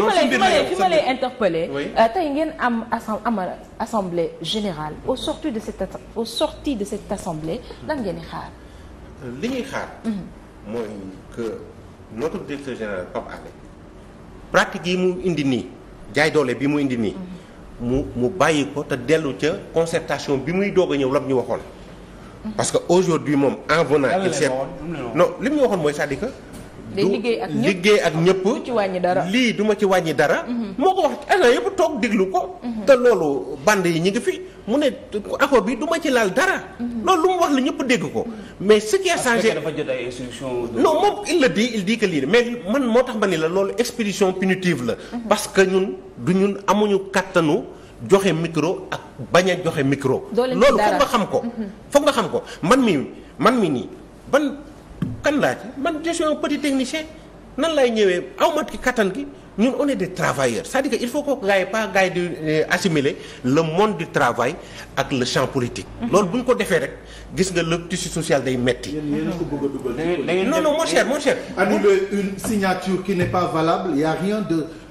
fi ma lay fi ma lay interpellé euh, tey ngeen am amal assemblée générale au sorti de cette au sorti de cette assemblée lan ngeen di xaar li ñuy xaar mhm. mooy que notre directeur général Pape Alé pratique yi mu indi nii jaay doole bi mu indi nii mhm. mu mu bàyyi ko te dellu ca concertation bi muy doog a ñëw lam ñu waxoon mhm. parce que aujourd'hui moom en venant il li mu ñu waxoon mooy cest day liggéey ak ñëpp liggéey ak ñëpp. du ci wàññi dara lii duma ci wàññi dara. Mm-hmm. moo ko wax agent yëpp toog déglu ko. Mm-hmm. te loolu bande yi ñu ngi fi mu ne accord bi duma ci laal dara. Mm-hmm. loolu lu ma wax la ñëpp dégg ko. mais ce qui a changé dafa jot ay instructions. non moom il le dit il dit que lii mais man moo tax ma ni la loolu expédition punitive la. parce que ñun du ñun amuñu kattanu. joxe micro ak bañ joxe micro. loolu foog nga xam ko. foog nga xam ko man mi man mi nii ban laa ci man je suis petit technicien nan lay ñëwee aw ma kattan gi ñun on est des travailleurs c'est-à-dire que il faut que gars yi pas gars yi di euh, assimiler monde du travail ak le champ politique. Mhm. loolu bu ko defee rek gis nga le tissu day metti non mon cher mon cher. annuler une signature qui n'est pas valable il a rien de.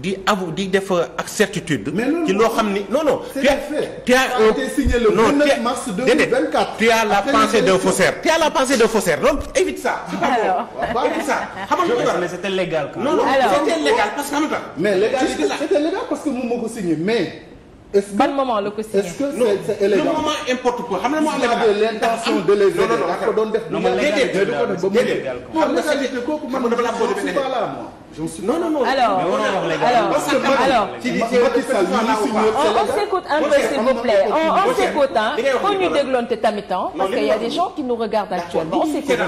di avu di def euh, ak certitude. ci loo xam ni non non. c' est fait tu as la pensée de un faussaire. tu as la pensée d' un faussaire donc évite ça. Ah, alors évite ah, ça xam nga mais mais légal c' moom moo ko signé mais. est-ce que ban moment la ko signé est-ce que c'est élégant le moment importe quoi xam nga moo am l'intention de les aider dafa doon def non non non alors alors on s'écoute un peu s'il vous plaît on s'écoute hein pour ñu dégloonte tamit temps parce que y a des gens qui nous regardent actuellement on s'écoute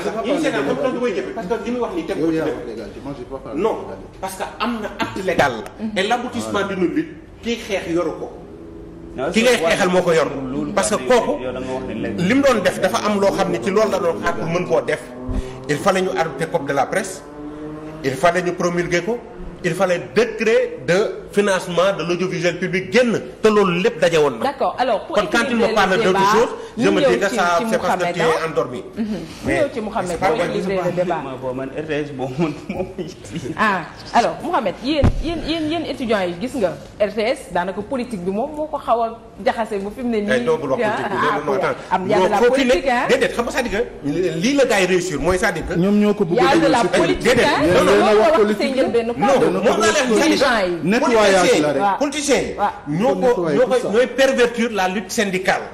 non parce que am na acte légal mhm. et l'aboutissement d'une lutte kii xeex yoru ko ki ngay xeexal moo ko yor parce que kooku li mu doon def dafa am loo xam ne ci loolu la doon xaar pour mën koo def il fallait ñu te code de la presse il fallait ñu promulguer ko il fa fallait décret de financement de l'audiovisuel public génn te loolu lépp daje woon na. d'accord alors kon quand il me parle je me dis que ça c'est parce que tu es ah. endormi. mais ñëw ci Mouhamed RTS boo man moom yi gis nga RTS daanaka politique bi moom moo ko xaw a jaxase ba fi ne nii. Eh, ah, ah, am lii la gars yi réussir mooy c'est-à-dire que. ñoom ñoo ko bëgg a réussir déedéet non non non moom laa leen nettoyage la rek politiciens yi ñoo ko ñoo koy ñooy pervertir la lutte syndicale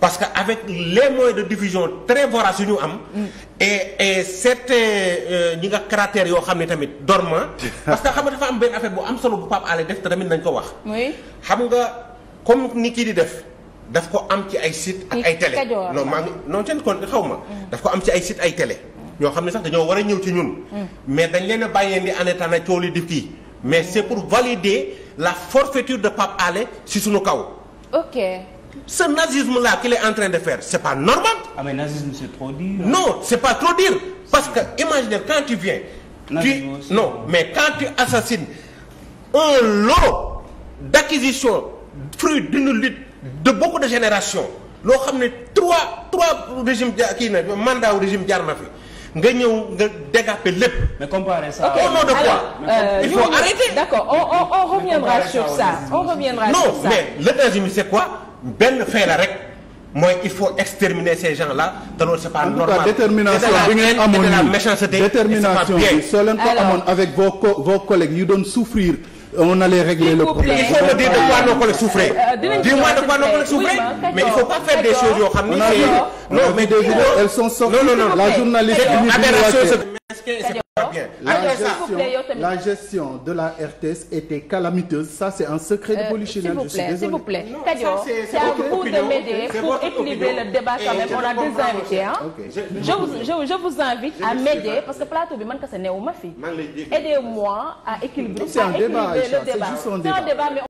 parce que avec les moyens de diffusion très voraces yu ñu am. Mm. et et certains euh, ñi nga caractères yoo xam ne tamit dormant. parce que xam nga dafa am benn affaire bu am solo bu Pape Alé def te tamit nañ ko wax. oui xam nga comme ni kii di def. daf ko am ci ay site ak ay télé non maa ngi non seen kon xaw ma mm. daf ko am ci ay site ay télé ñoo xam ne sax dañoo war a ñëw ci ñun mm. mais dañ leen a bàyyeen di anétana coow li di kii mais c'est pour valider la forfaiture de Pape Alé si suñu kaw ce nazisme là qu'il est en train de faire c'est pas normal. ah non c'est pas trop dire parce que imagine quand tu viens. tu non mais quand tu assassines un lot d'acquisition fruit d'une lutte de beaucoup de générations loo xam ne trois trois régimes kii na mandat wu régime jaar na fi. nga ñëw nga dégaper lépp. mais comparer ça euh, arrêter. d'accord on reviendra sur ça on reviendra sur ça. non mais le nazisme c'est quoi. benn fee la rek il faut exterminer ces gens là te détermination détermination bi soo leen ko avec vos collègues yu doon souffrir on allait régler le problème il faut me dire de quoi nos collègues souffraient mais il faut pas faire des choses yoo xam la journaliste Okay. La, gestion, de la RTS était calamiteuse. Ça, c'est un secret de euh, polichinelle. Euh, je suis désolé. S'il vous plaît, Kadior, c'est à vous de m'aider pour équilibrer le débat quand même. On a deux invités. Hein. Je, je, je, vous invite à m'aider parce que plateau, je ne sais pas Aidez-moi à équilibrer, à équilibrer le débat. C'est un débat.